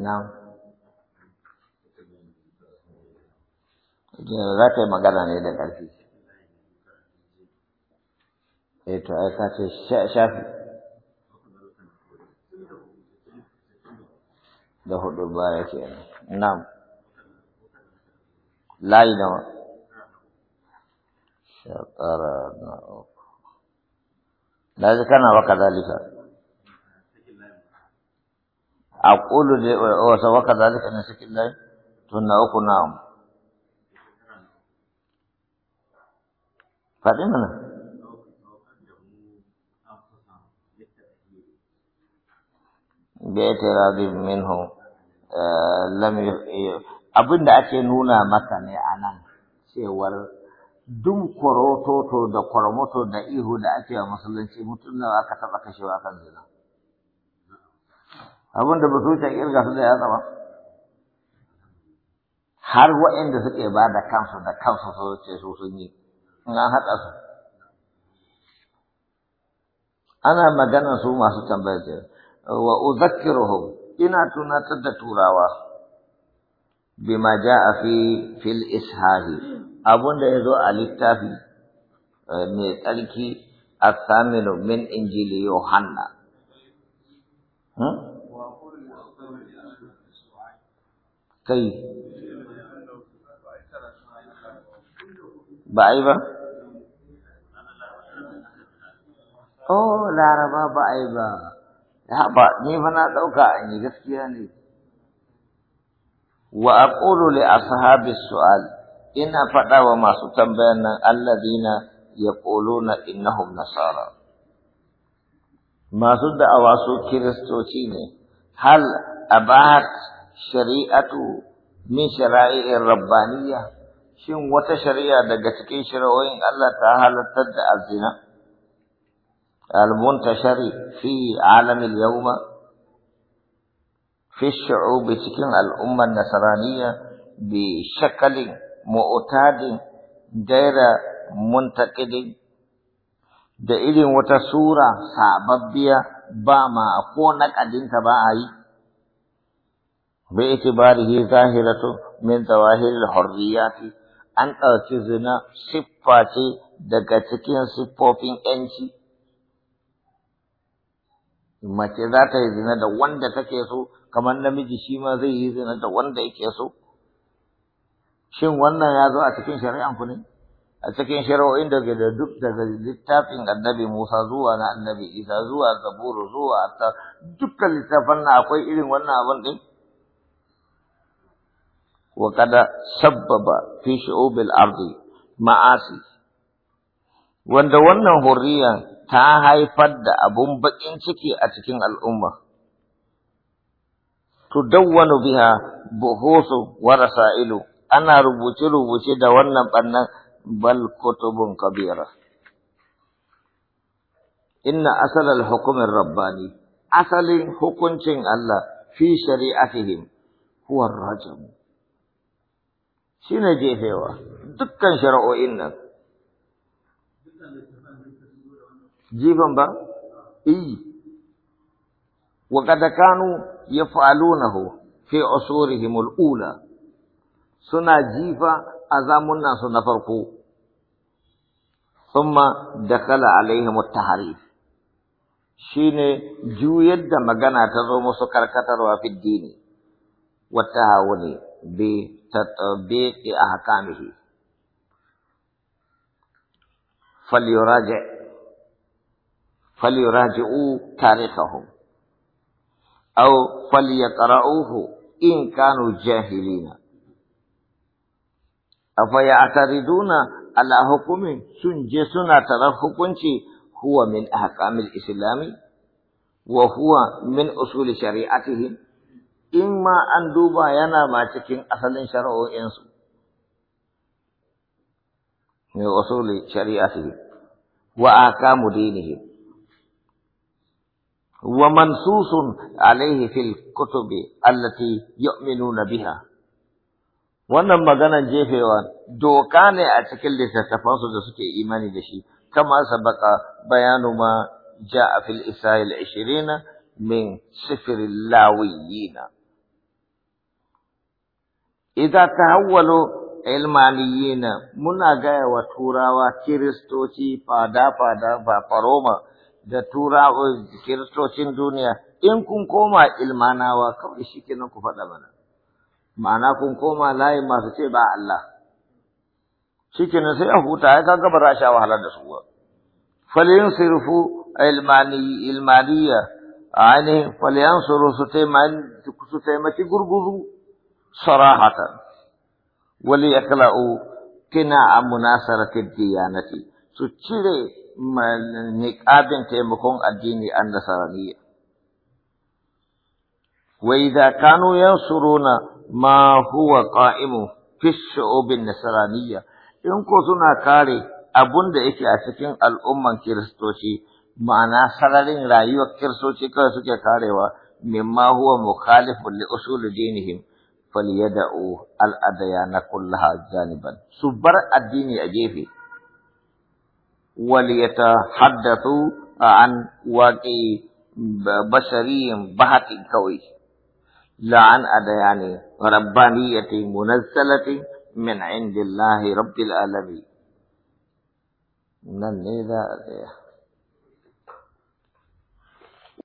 Na'am. Za ka yi magana ne da ƙarfi. Eh to ai ka ce shafi. Da hudu ya ke Na'am. Layi nawa. Shakara na uku. Na ji kana wa kazalika. aqulu wa sawaka dhalika min sikin dai tunna uku na'am fadi mana bai tarabi minhu lam Abin da ake nuna maka ne anan cewar dun kwaro toto da kwaromoto da ihu da ake wa musulunci mutum na aka taba kashewa kan zina abin da ba su wuce kirga su da yatsa ba har waɗanda suke ba da kansu da kansu su ce su sun yi in an haɗa su ana magana su masu tambayar Wa wa uzakkiruhum ina tunatar da turawa bima ja'a fi fil ishahi abun da yazo a littafi eh, mai tsarki Saminu min injili yohanna hmm? kai ba a yi ba? Oh, laraba ba a yi ba, haɓa, ni ba na ɗauka an yi gaskiya ne. Wa a ƙoro a sahabi su'al, ina faɗa wa masu tambayan nan alladina ya ƙolo na innahum nasara. Masu da'awa su kiristoci ne, hal abat الشريعة من شرائع الربانية شن وتشريع دقتكي شرائع الله تعالى تد الزنا المنتشر في عالم اليوم في الشعوب سكن الأمة النصرانية بشكل معتاد غير منتقد da irin wata sura sababbiya ba ma ko naƙadinta ba a yi باعتباره ظاهرة من ظواهر الحريات an ɗauki zina siffa ce daga cikin siffofin ƴanci. Mace za ta yi zina da wanda take so, kamar namiji shi ma zai yi zina da wanda yake so. Shin wannan ya zo a cikin shari'an ku ne? A cikin shari'o'in daga da duk daga littafin annabi Musa zuwa na annabi Isa zuwa Zaburu zuwa ta dukkan littafan na akwai irin wannan abin din? وقد سبب في شعوب الأرض معاصي wanda wannan horiya ta haifar da abun bakin ciki a cikin al'umma tudawwanu biha buhusu wa rasailu ana rubuce rubuce da wannan bannan bal kutubun kabira inna asal al-hukm rabbani asalin hukuncin Allah fi shari'atihim huwa ar-rajm shi ne jefewa dukkan shara'o'in nan jifan ba I. wa kada kanu yaf'alunahu fi usurihim al-ula suna jifa azamun zamunan su na farko thumma dakala alaihim at-tahrif shine juyar da magana ta zo musu karkatarwa fi dini wa tahawuni بتطبيق أحكامه فليراجع فليراجعوا تاريخهم أو فليقرؤوه إن كانوا جاهلين أفيعترضون على حكم سنجسنا طرف حكمتي هو من أحكام الإسلام وهو من أصول شريعتهم in ma an duba yana ma cikin asalin shari'o'insu mai su yi? wa akamu dinihi wa mansusun alaihi fil kutube allati yu'minuna biha wannan maganan jefewa doka ne a cikin littattafansu da suke imani da shi kama sabaka bayanu ma ja'a fil isa'il ashirina min sifirin lawiyina ta hawwalo ilmaniyina muna gaya wa turawa kiristoci fada fada ba faroma da turawa kiristocin duniya in kun koma ilmanawa kawai kenan ku faɗa mana ma'ana kun koma layi masu ce ba Allah kenan sai a huta ya ga ba rasha wahala da su ba falyunsirfu ilmani ilmaniya ainihin falyansiru su taimaki gurguru Sara hakan, wani akala'u tana a munasirantar giyanaci. Su cire ma'aikatan taimakon addini a nasaraniya. Wa idan kanu ya suruna mahauwa ka'imu feshe obin nasaraniya, in ko suna kare abunda yake a cikin al'umman kiristoci, ma'ana sararin rayuwar kiristoci kawai suke karewa, min mahuwa mu kada fulani asarar فليدعوا الأديان كلها جانبا سبر الدين أجيب وليتحدثوا عن واقع بشري بحت قوي لا عن أديان ربانية منزلة من عند الله رب العالمين من ذا